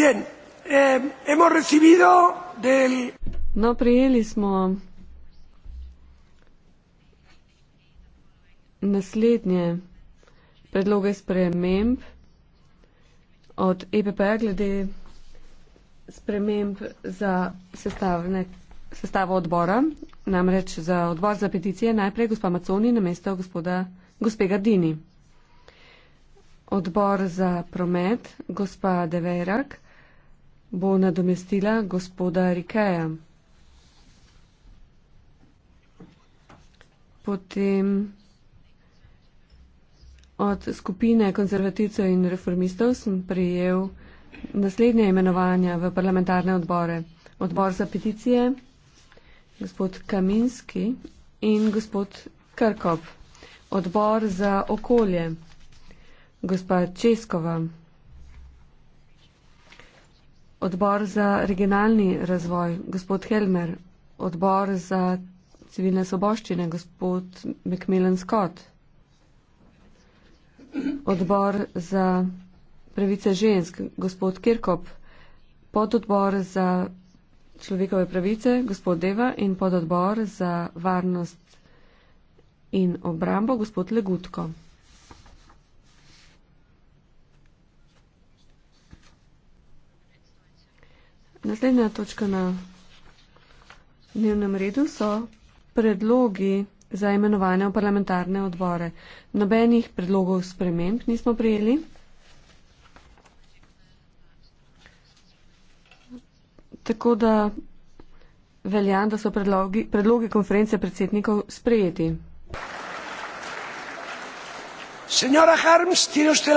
Eh, no, prijeli smo naslednje predloge sprememb od EPP glede sprememb za sestavne, sestavo odbora, namreč za odbor za peticije najprej gospa Maconi na mesto gospoda gospe Gardini. Odbor za promet gospa Deverak bo nadomestila gospoda Rikeja. Potem od skupine konzervativcev in reformistov sem prijel naslednje imenovanja v parlamentarne odbore. Odbor za peticije, gospod Kaminski in gospod Krkop. Odbor za okolje, gospa Českova. Odbor za regionalni razvoj, gospod Helmer. Odbor za civilne soboščine, gospod McMillan Scott. Odbor za pravice žensk, gospod Kirkop. Pododbor za človekove pravice, gospod Deva. In pododbor za varnost in obrambo, gospod Legutko. Naslednja točka na dnevnem redu so predlogi za imenovanje v parlamentarne odbore. Nobenih predlogov sprememb nismo prijeli. Tako da velja, da so predlogi, predlogi konference predsednikov sprejeti. Signora Harms, tiene usted la